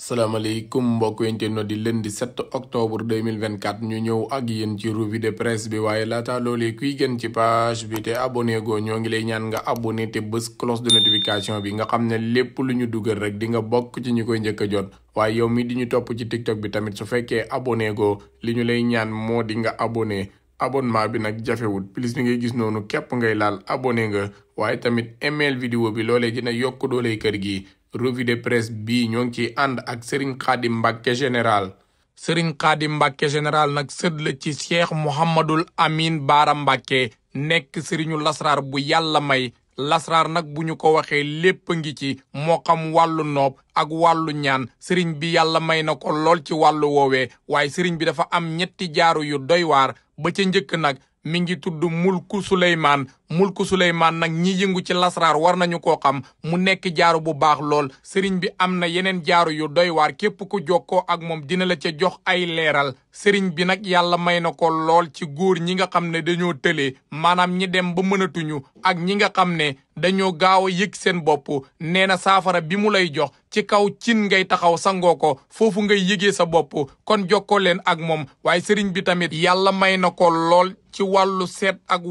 salaamaaleykum mbokk internet di lundi 7 octobre 2024 ñu ñëw ak yéen ci revue de presse bi waaye laata loolee kuy gën ci page bi te abonné go ñoo ngi lay ñaan nga abonné te bés cloche de notification bi nga xam ne lépp lu ñu dugal rek di nga bokk ci ñu koy njëkk a jot waaye yow mi di ñu topp ci tiktok bi tamit su fekkee abonné go li ñu lay ñaan moo di nga abonné abonnement bi nag jafewut plus bi ngay gis noonu képp ngay laal abonné nga waaye tamit email vidéo bi loolee dina yokk dooley kër gi revue de presse bi ñoo ngi ciy ànd ak Serigne Khadim Mbacke général Serigne Khadim Mbacke général nag sët la ci Cheikh Mouhamadul amine Baara Mbacke nekk sëriñu lasraar bu yàlla may lasraar nag bu ñu ko waxee lépp ngi ci moo xam wàllu noob ak wàllu ñaan sëriñ bi yàlla may na ko lool ci wàllu woowe waaye sëriñ bi dafa am ñetti jaaru yu doy waar ba ca njëkk nag mi ngi tudd mulku suleymaan mulku suleymaan nag ñi yëngu ci lasraar war nañu koo xam mu nekk jaaru bu baax lool sëriñ bi am na yeneen jaaru yu doywaar képp ku jokkoo ak moom dina la ca jox ay leeral sëriñ bi nag yàlla may na ko lool ci góor ñi nga xam ne dañoo tële maanaam ñi dem ba mënatuñu ak ñi nga xam ne dañoo gaaw a yëg seen bopp nee na saafara bi mu lay jox ci kaw cin ngay taxaw sangoo ko foofu ngay yëgee sa bopp kon jokkoo leen ak moom waaye sëriñ bi tamit yàlla may na ko lool ci wàllu seet ak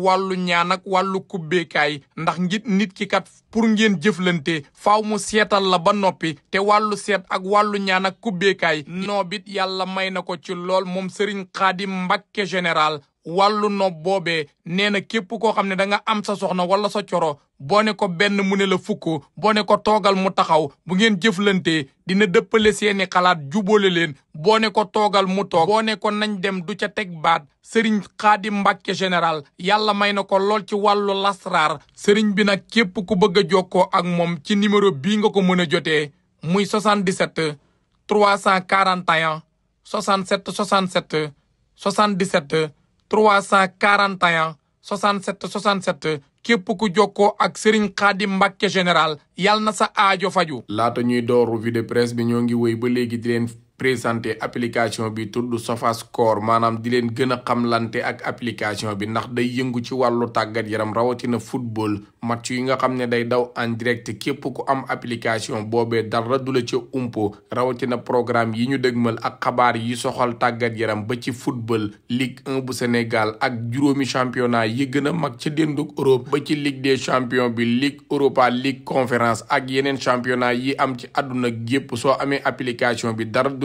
wàllu kubbeekaay ndax ngit nit ki kat pour ngeen jëflante faaw mu seetal la ba noppi te wàllu seet ak wàllu ñaan ak kubbeekaay noobit yàlla may na ko ci lool moom sëriñ xaadim mbàkke général wàllu nopp boobee nee na képp koo xam ne da nga am sa soxna wala sa coro boo ne ko benn mu ne la fukk boo ne ko toogal mu taxaw bu ngeen jëflantee dina dëppale seeni xalaat jubale leen boo ne ko toogal mu toog boo ne ko nañ dem du ca teg baat sëriñ xaadim mbàkke général yàlla may na ko lool ci wàllu lasraar sëriñ bi nag képp ku bëgg a jokkoo ak moom ci numéro bii nga ko mën a jotee muy 77 341 67 67 77 341 67 67 képp ku jokkoo ak Serigne Khadim Mbacke général yal na sa aajo faju laata ñuy dooru revue de presse bi ñoo ngi wéy ba léegi di leen présenté application bi tudd SofaScore maanaam di leen gën a xamlante ak application bi ndax day yëngu ci wàllu tàggat yaram rawatina football match yi nga xam ne day daw en direct képp ku am application boobee dara du la ci umpo rawatina programme yi ñu dëgmal ak xabaar yi soxal tàggat yaram ba ci football Ligue 1 bu Sénégal ak juróomi championnat yi gën a mag ca dénduk Europe ba ci Ligue des bi Ligue Europa Ligue conférence ak yeneen championnat yi am ci àdduna gépp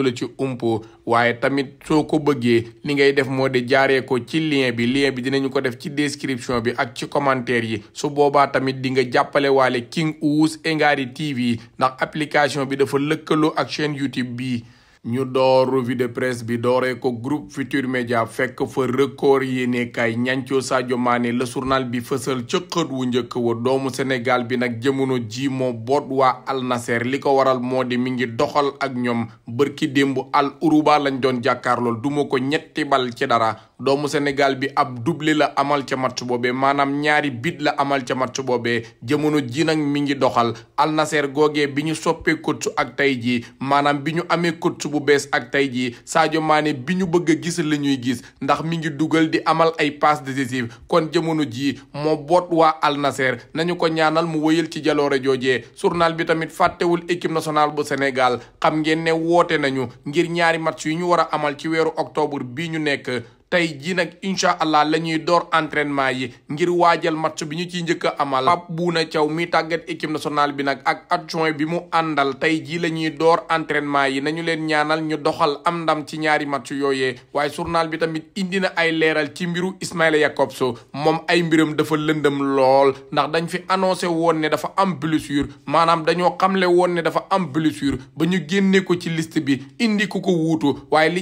la ci umpo waaye tamit soo ko bëggee li ngay def moo di jaaree ko ci lien bi lien bi dinañu ko def ci description bi ak ci commentaire yi su boobaa tamit di nga jàppale waale King Ouse Ngary TV ndax application bi dafa lëkkaloo ak chaîne YouTube bii ñu door revue de presse bi dooree ko group Futur Média fekk fa record yéene kay ñancoo Sadio Mané la journal bi fësal ca xët wu njëkk wa doomu Sénégal bi nag jamono ji moo boot waa Al Nasser li ko waral moo di mi ngi doxal ak ñoom bërki démb Al Uruba lañ doon jàkkaarlool duma ko ñetti bal ci dara doomu Sénégal bi ab doublé la amal ca match boobe maanaam ñaari bit la amal ca match boobee jamono ji nag mi ngi doxal Al googee bi ñu soppee coach ak tey jii maanaam bi ñu amee coach bu bees ak tey jii Sadio Mané bi ñu bëgg a gis la ñuy gis ndax mi ngi dugal di amal ay passes décisives kon jamono jii moo boot waa Al Nassr nañu ko ñaanal mu wëyal ci jaloore joojee journal bi tamit fàttewul équipe nationale bu Sénégal xam ngeen ne woote nañu ngir ñaari match yu ñu war a amal ci weeru octobre bii ñu nekk tey jii nag incha allah la ñuy door entrainement yi ngir waajal match bi ñu ci njëkk a amal Pape Bouna Thiaw mi tàggat équipe nationale bi nag ak adjoint bi mu àndal tey jii la ñuy door entraînement yi nañu leen ñaanal ñu doxal am ndam ci ñaari match yooye waaye journal bi tamit indi na ay leeral ci mbiru Ismaila Jakobs moom ay mbiram dafa lëndëm lool ndax dañ fi annoncé woon ne dafa am blessure maanaam dañoo xamle woon ne dafa am blessure ba ñu génne ko ci liste bi indi ko ko wuutu waaye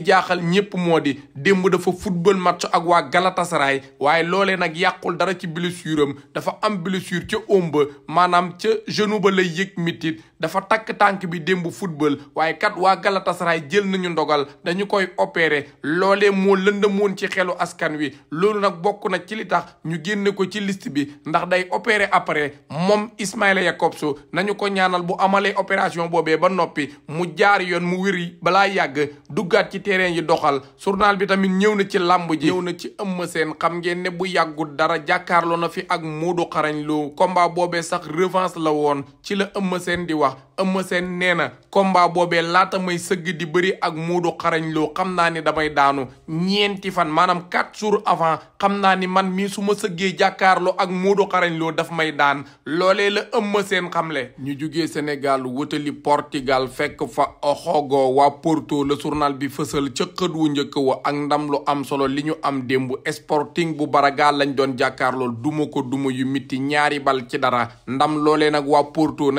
football match ak waa gala Galatasaray waaye loole nag yàqul dara ci blessure am dafa am blessure ca omba maanaam ca genou ba lay yëg mitit dafa takk tànk bi démb football waaye kat waa Galatasaray jël nañu ndogal dañu koy opéré loolee moo lëndëmoon ci xelu askan wi loolu nag bokk na ci li tax ñu génne ko ci list bi ndax day opéré après moom Ismaila Jakobs nañu ko ñaanal bu amalee opération boobee ba noppi mu jaar yoon mu wéri balaa yàgg duggaat ci terrain yi doxal journal bi tamit ñëw na ci làmb ji ñëw na ci ëmma seen xam ngeen ne bu yàggul dara jàkkaarloo na fi ak muudu xarañ lu combat boobee sax revanche la woon ci la ëmm seen di wax par Eumeu Sène nee na combat boobee laata may sëgg di bëri ak Moodu xarañ loo xam naa ni damay daanu ñeenti fan maanaam quatre jours avant xam naa ni man mii su ma sëggee jàkkaarloo ak Moodu xarañ loo daf may daan loolee la Eumeu Sène xamle ñu jugee Sénégal wutali Portugal fekk fa oxogo wa Porto la journal bi fësal ca xët wu njëkk wa ak ndam lu am solo li ñu am démb Sporting bu Braga lañ doon jàkkaarlool duma ko duma yu mitti ñaari bal ci dara ndam loolee nag waa Porto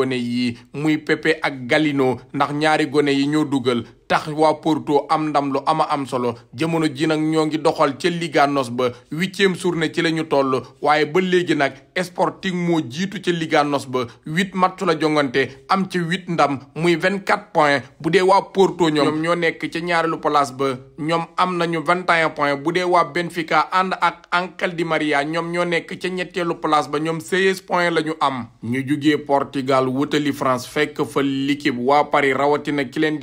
gone yi muy Pepe ak Galino ndax ñaari gone yi ñoo dugal tax waa Porto am ndam lu ama am solo jamono ji nag ñoo ngi doxal ca Liga NOS ba huitième journée ci la ñu toll waaye ba léegi nag Sporting moo jiitu ca Liga NOS ba huit match la jongante am ca huit ndam muy vingt quatre points bu dee waa Porto ñoom ñoo nekk ca ñaareelu place ba ñoom am nañu vingt et un bu dee waa Benfica ànd ak Ángel Di María ñoom ñoo nekk ca ñetteelu place ba ñoom seize points la ñu am. ñu jugee Portugal wutali France fekk fa l'équipe waa Paris rawatina ki leen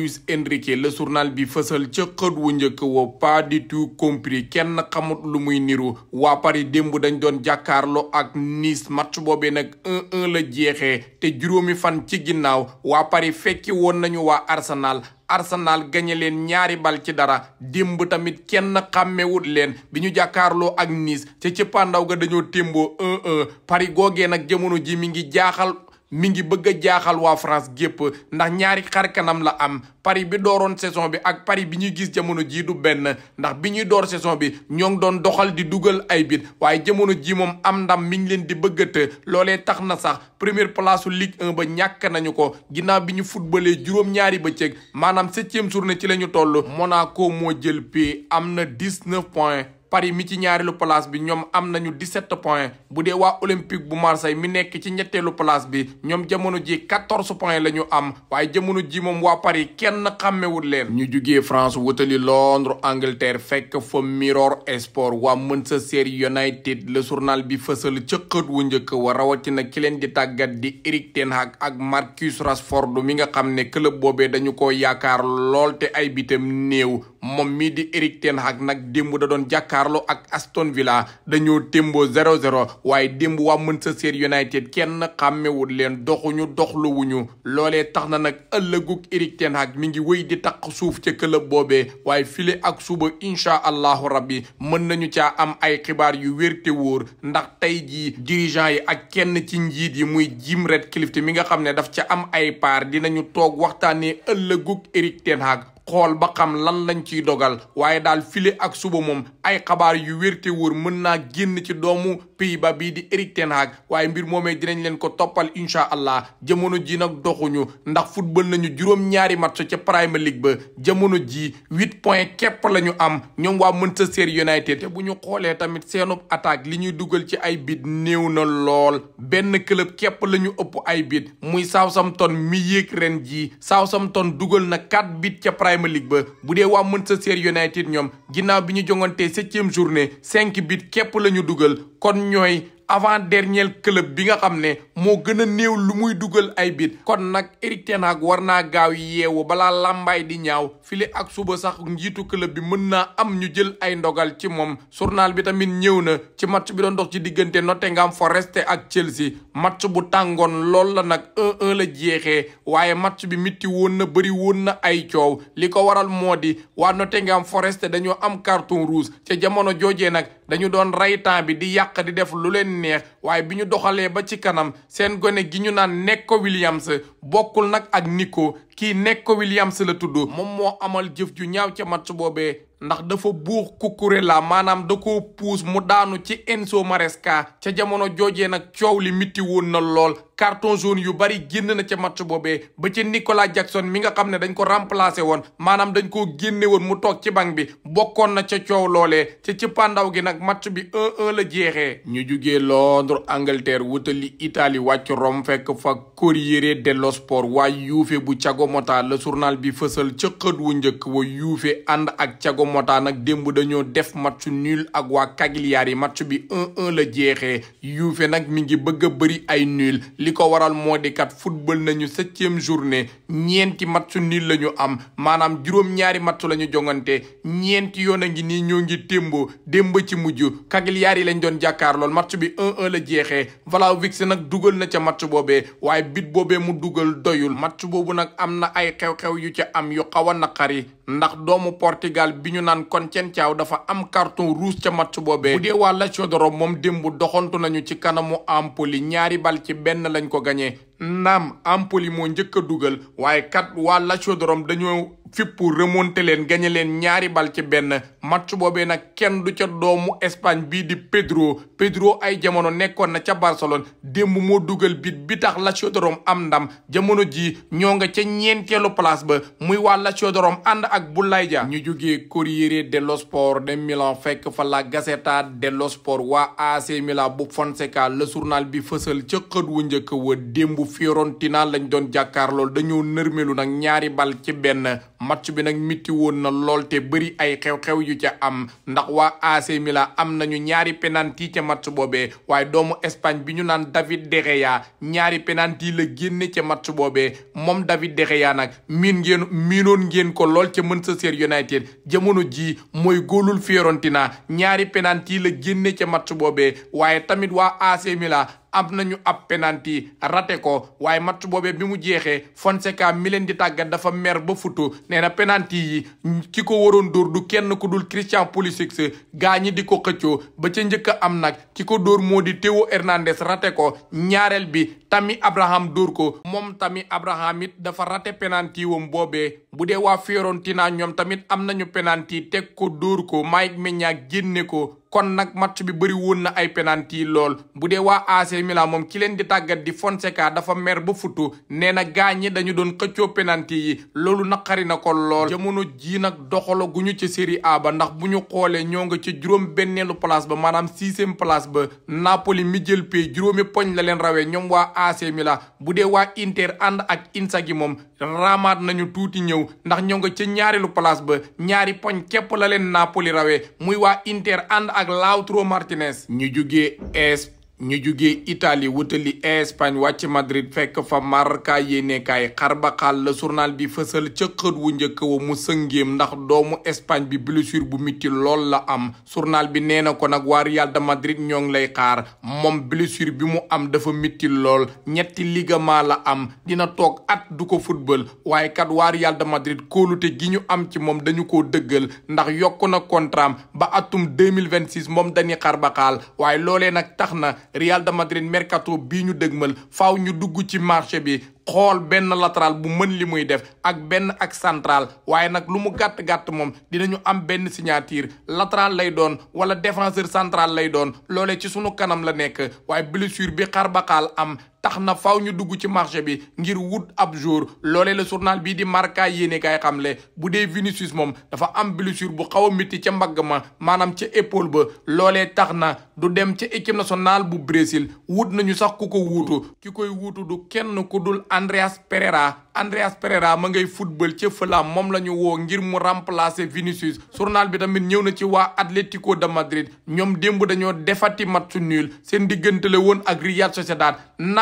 Luis Enrique la journal bi fësal ca wu njëkk woo pas du tout compris kenn xamut lu muy niru waa Paris démb dañ doon jàkkaarloo ak Nice match boobee nag 1-1 la jeexee te juróomi fan ci ginnaaw waa pari fekki woon nañu waa Arsenal Arsenal gañe leen ñaari bal ci dara démb tamit kenn xàmmewut leen bi ñu jàkkaarloo ak Nice te ca pandaw ga dañoo témboo 1-1 Paris googee nag jamono ji mi jaaxal mi ngi bëgg a jaaxal waa France gépp ndax ñaari xar kanam la am Paris bi dooroon saison bi ak Paris bi ñuy gis jamono jii du benn ndax bi ñuy door saison bi ñoo ngi doon doxal di dugal ay bit waaye jamono jii moom am ndam mi ngi leen di bëgg a të loolee tax na sax première place su Ligue ba ñàkk nañu ko ginnaaw bi ñu footballee juróom-ñaari bëccëg maanaam septième journée ci la ñu toll Monaco moo jël pii am na dix-neuf points. Paris mi ci ñaareelu place bi ñoom am nañu 17 points bu dee waa olympique bu Marseille mi nekk ci ñetteelu place bi ñoom jamono ji 14 points la ñu am waaye jamono ji moom waa Paris kenn xàmmewul leen. ñu jugee France wutali Londres Angleterre fekk fa Mirror Sport waa Manchester United le journal bi fësal ca wu njëkk wa rawatina ki leen di tàggat di Eric Ten ak Marcus Rashford mi nga xam ne club boobee dañu ko yaakaar lool te ay bitam néew moom mii di Eric Ten Hag démb jàkkaarloo ak Aston Villa dañoo témboo 0-0 waaye démb mën Manchester United kenn xàmmewul leen doxuñu doxluwuñu loole tax na nag ëllëgug Erik ten Hag mi ngi wéy di taq suuf ci club boobee waaye file ak suba incha allahu rabbi mën nañu caa am ay xibaar yu wér te wóor ndax tey jii dirigeant yi ak kenn ci njiit yi muy Jim Ratcliffe mi nga xam ne daf ci am ay paar dinañu toog waxtaanee ëllëgug Erik ten Hag xool ba xam lan lañ ciy dogal waaye daal file ak suba moom ay xabaar yu wérte wur mën na génn ci doomu pays bii di Eric Ten waaye mbir moomee dinañ leen ko toppal incha allah jamono ji nag doxuñu ndax football nañu juróom-ñaari match ca Premier League ba jamono ji huit point képp la ñu am ñoom waa Manchester United te bu ñu xoolee tamit seenub attaque li ñuy dugal ci ay bit néew na lool benn club képp la ñu ëpp ay bit muy Southampton mi yéeg ren jii Southampton dugal na Premier League ba bu dee waa Manchester United ñoom ginnaaw bi ñu jongantee septième journée cinq bit képp lañu dugal kon ñooy avant dernier club bi nga xam ne moo gën a néew lu muy dugal ay bit kon nag Eric Ten war naa gaaw yeewu balaa làmbaay di ñaaw file ak suba sax njiitu club bi mën naa am ñu jël ay ndogal ci moom journal bi tamit ñëw na ci match bi doon ndox ci diggante ngam Forest ak Chelsea match bu tàngoon lool la nag 1-1 la jeexe waaye match bi mitti woon na bëri woon na ay coow li ko waral moo di waa Nottingham Forest dañoo am carton rouge ca jamono joojee nag dañu doon rey temps bi di yàq di def lu leen neex waaye bi ñu doxalee ba ci kanam seen gone gi ñu naan Neco Williams bokkul nag ak Nico kii Neco Williams la tudd moom moo amal jëf ju ñaaw ca match boobee ndax dafa buux Cucurella maanaam da ko puus mu daanu ci Enzo Maresca ca jamono joojee nag coow li mitti na lool carton jaune yu bari génn na ca match boobee ba ci Nicolas Jackson mi nga xam ne dañ ko remplacé woon maanaam dañ koo génne woon mu toog ci banc bi bokkoon na ca coow loolee ca ci pandaw gi nag match bi 1-1 la jeexee. ñu jugee Londres Angleterre wutali Italie wàcc Rome fekk fa Corriere dello Sport waa Juve bu Thiago Motta la journal bi fësal ca xët wu njëkk wo Juve ànd ak Thiago Motta nag démb dañoo def match nul ak waa Cagliari match bi 1-1 la jeexee yuufe nag mi ngi bëgg a bëri ay nul. li ko waral moo di kat football nañu septième journée ñeenti match nil la ñu am maanaam juróom-ñaari match la ñu jongante ñeenti yoon a ngi nii ñoo ngi témboo démb ci mujj Cagliari lañ doon jàkkaar lool match bi 1-1 la jeexee Vlahovic nag dugal na ca match boobee waaye bit boobee mu dugal doyul match boobu nag am na ay xew-xew yu ca am yo xaw a naqari ndax doomu Portugal bi ñu naan Conceição dafa am carton rouge ca match boobee bu dee waa Lazio moom démb doxantu nañu ci kanamu Empoli ñaari bal lañ ko gañee naam Empoli moo njëkk a dugal waaye kat waa Lazio de Rome dañoo fippu remonté leen gagné leen ñaari bal ci benn match boobee nag kenn du ca doomu Espagne bii di Pedro Pedro ay jamono nekkoon na ca Barcelone démb moo dugal bit bi tax Lazio de Rome am ndam jamono ji ñoo nga ca ñeenteelu place ba muy waa Lazio de ànd ak Boulaye Dia ñu jógee Corriere dello Sport de Milan fekk fa la Gazzetta dello Sport waa AC Milan bu Fonseca le journal bi fësal ca xët wu njëkk wa démb Fiorentina lañ doon jàkkaarlool dañoo nërmelu nag ñaari bal ci benn match bi nag mitti woon na lool te bëri ay xew-xew yu ca am ndax waa AC Milan am nañu ñaari penalti ca match boobee waaye doomu Espagne bi ñu naan David De Gea ñaari penalti la génne ca match boobee moom David De Gea nag miin ngeen miinoon ngeen ko lool ca Manchester United jamono jii mooy góolul Fiorentina ñaari penalti la génne ca match boobee waaye tamit waa AC Milan am nañu ab penalty raté ko waaye match boobee bi mu jeexee Fonseca mi di tàggat dafa mer ba futu nee na penalty yi ki ko waroon dóor du kenn ku dul Christian Pulisic gaa ñi di ko xëccoo ba ca njëkk am nag ki ko dóor moo di Théo Hernandez raté ko ñaareel bi tami Abraham dóor ko moom Tammy Abraham it dafa raté penalty wam boobee bu dee waa Fiorentina ñoom tamit am nañu penanti teg ko dóor ko Mike Maignan génne ko kon nag match bi bëri woon na ay penalty lool bu dee waa AC Milan moom ki leen di tàggat di Fonseca dafa mer ba futu nee na gaañi dañu doon xëccoo penalty yi loolu naqari na ko lool jamono jii nag doxalo ci Serie A ndax bu ñu xoolee ñoo nga ci juróom benneelu place ba maanaam sixième place ba Napoli mi jël pay juróomi poñ la leen rawee ñoom waa AC Milan bu dee waa Inter ànd ak Inzaghi moom raamaat nañu tuuti ñëw ndax ñoo nga ca ñaareelu palace ba ñaari poñ képp la leen Napoli rawee muy waa ak Lautaro Martinez ñu jugee ñu jóge Italie wutali Espagne wàcc Madrid fekk fa Marca yéenekaay xarbaxaal la journal bi fësal ca xët wu njëkk wa mu sëngéem ndax doomu Espagne bi blessure bu metti lool la am journal bi nee na ko nag waa Real de Madrid ñoo ngi lay xaar moom blessure bi mu am dafa metti lool ñetti ligament la am dina toog at du ko football waaye kat waa Real de Madrid kóolute gi ñu am ci moom dañu ko dëggal ndax yokk na contrat ba atum deux mille vingt six moom dañuy xarbaxaal waaye loolee nag tax na. Real de Madrid mercato bii ñu dëgmal faw ñu dugg ci marché bi xool benn latéral bu mën li muy def ak benn ak central waaye nag lu mu gàtt gàtt moom dinañu am benn signature latéral lay doon wala défenseur central lay doon loolee ci sunu kanam la nekk waaye blessure bi xar am tax na faaw ñu dugg ci marché bi ngir wut ab jour loole la journal bii di Marca yéene kaay xamle bu dee Vinicius moom dafa am blessure bu xaw a métti ca mbagg ma maanaam ca épaule ba loolee tax na du dem ci équipe nationale bu Brésil wut nañu sax ku ko wuutu ki koy wuutu du kenn ku dul Andreas Pereira Andreas Pereira ma ngay football ca Fulham moom la ñu woo ngir mu remplacer Vinicius journal bi tamit ñëw na ci waa Atlético de Madrid ñoom démb dañoo defati mat nul seen diggante la woon ak Real Sociedad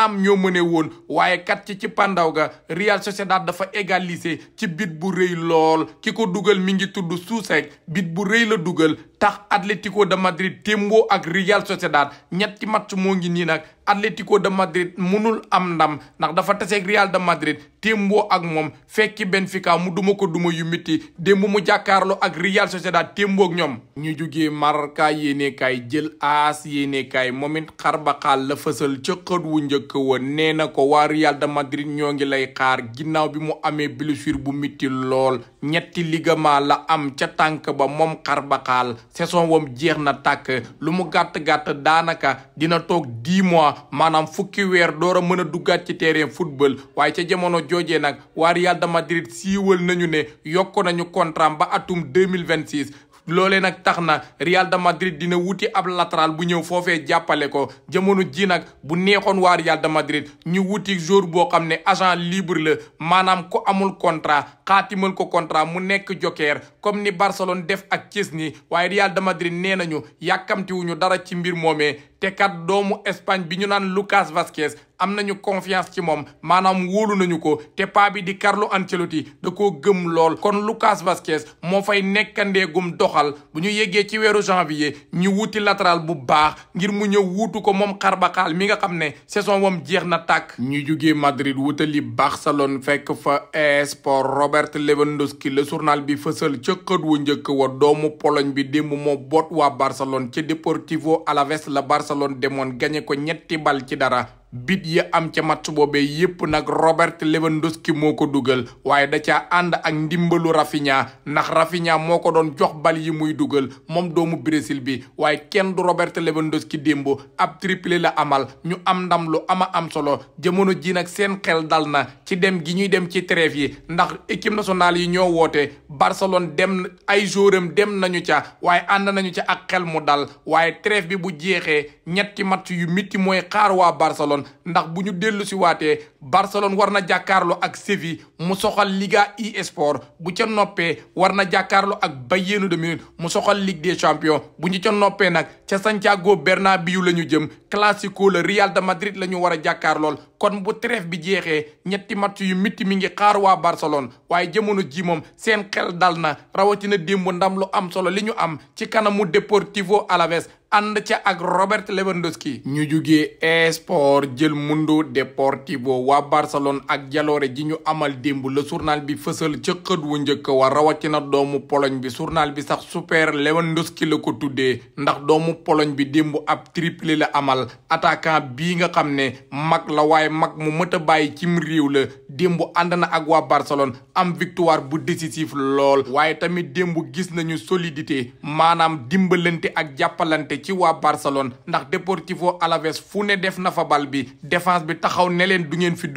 naam ñoo woon waaye kat ci ci pandaw ga Real Sociedad dafa égaliser ci bit bu rëy lool ki ko dugal mi ngi tudd Souček bit bu rëy la dugal tax Atlético de Madrid témboo ak Real Sociedad ñetti match moo ngi nii nag Atlético de Madrid munul am ndam ndax dafa taseeg Real de Madrid témboo ak moom fekki Benfica mu duma ko duma yu mitti démb mu jàkkaarloo ak Real Sociedad témboo ak ñoom. ñu jugee Marca yéenekaay jël AS yéenekaay moom it xarbaxaal la fësal ca xët wu njëkk wa nee na ko waa Real de Madrid ñoo ngi lay xaar ginnaaw bi mu amee blessure bu mitti lool ñetti ligament la am ca tànk ba moom xarbaxaal saison wam jeex na tàkk lu mu gàtt-gàtt daanaka dina toog dix mois maanaam fukki weer door a mën a duggaat ci terrain football waaye ca jamono joojee nag waa Real de Madrid siiwal nañu ne yokk nañu contrat ba atum deux mille vingt six loolee nag tax na Real de Madrid dina wuti ab latéral bu ñëw foofee jàppale ko jamono ji nag bu neexoon waa Real de Madrid ñu wuti jour boo xam ne agent libre la maanaam ko amul contrat xaatimal ko contrat mu nekk joker comme ni Barcelone def ak Chesney waaye Real de Madrid nee nañu yàkkamtiwuñu dara ci mbir moomee te kat doomu Espagne bi ñu naan Lucas Vázquez am nañu confiance ci moom maanaam wóolu nañu ko te paa bi di Carlo Ancelotti da koo gëm lool kon Lucas Vazquez moo fay nekkandeegum doxal bu ñu yeggee ci weeru janvier ñu wuti latéral bu baax ngir mu ñëw wuutu ko moom Carvajal mi nga xam ne saison wam jeex na tàkk ñu jugee Madrid wutali Barcelone fekk fa esport Robert Lewandowski le journal bi fësal ca xët wu njëkk wa doomu poloñ bi démb moo boot waa Barcelone ci Deportivo Alavés la Barcelone demoon gagné ko ñetti bal ci dara bit yi am ca match boobe yépp nag Robert Lewandowski moo ko dugal waaye da caa ànd ak ndimbalu Rafinha ndax Rafinha moo ko doon jox bal yi muy dugal moom doomu Brésil bi waaye kenn du Robert Lewandowski démb ab triplé la amal ñu am ndam lu ama am solo jamono ji nag seen xel dal na ci dem gi ñuy dem ci trêve yi ndax équipe nationale yi ñoo woote Barcelone dem ay jouram dem nañu ca waaye ànd nañu ca ak xel mu dal waaye trêve bi bu jeexee ñetti match yu mitti mooy xaar ndax bu ñu dellu si waatee Barcelone war na jàkkaarloo ak Séville mu soxal liga e sport bu ca noppee war na jàkkaarloo ak Bayern de Munich mu soxal ligue des champions bu ñu ca noppee nag ca Santiago Bernabéu la ñu jëm classico le Real de Madrid la ñu war a jàkkaarlool kon bu trêve bi jeexee ñetti match yu mitti mi ngi xaar waa Barcelone waaye jamono ji moom seen xel dal na rawatina démb ndam lu am solo li ñu am ci kanamu Deportivo Alaves ànd ca ak Robert Lewandowski ñu jugee esport jël Mundo Deportivo wa Barcelone ak jaloore ji ñu amal démb la journal bi fësal ca xët wu njëkk wa rawatina doomu Pologne bi journal bi sax super Lewandowski la ko tuddee ndax doomu Pologne bi démb ab triplé la amal attaquant bii nga xam ne mag la waaye mag mu mët a bàyyi cim réew la démb ànd na ak waa Barcelone am victoire bu décisif lool waaye tamit démb gis nañu solidité maanaam dimbalante ak jàppalante ci waa Barcelone ndax Deportivo Alaves fu ne def na fa bal bi défense bi taxaw ne leen du ngeen fi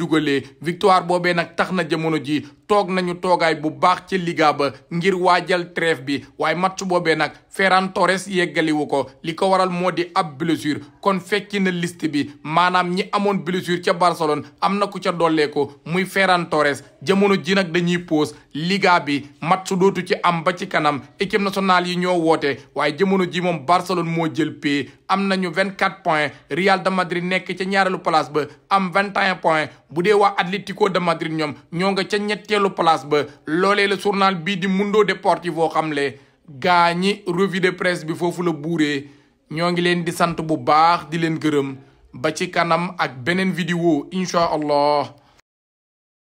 jamono ji toog nañu toogaay bu baax ci liga ba ngir waajal trêve bi waaye match boobee nag Ferran Torres yeggaliwu ko li ko waral moo di ab blessure kon fekki na liste bi maanaam ñi amoon blessure ca Barcelone am na ku ca ko muy Ferran Torres jamono ji nag dañuy pos liga bi match dootu ci am ba ci kanam équipe nationale yi ñoo woote waay jamono ji moom Barcelone moo jël pay am nañu vingt quatre points Real de Madrid nekk ca ñaareelu place ba am vingt et un points bu dee waa Atlético de Madrid ñoom ñoo nga ñetteelu place ba loolee la journal bii di Mundo Deportivo xamle gaa ñi revue de presse bi foofu la buuree ñoo ngi leen di sant bu baax di leen gërëm ba ci kanam ak beneen vidéo incha allah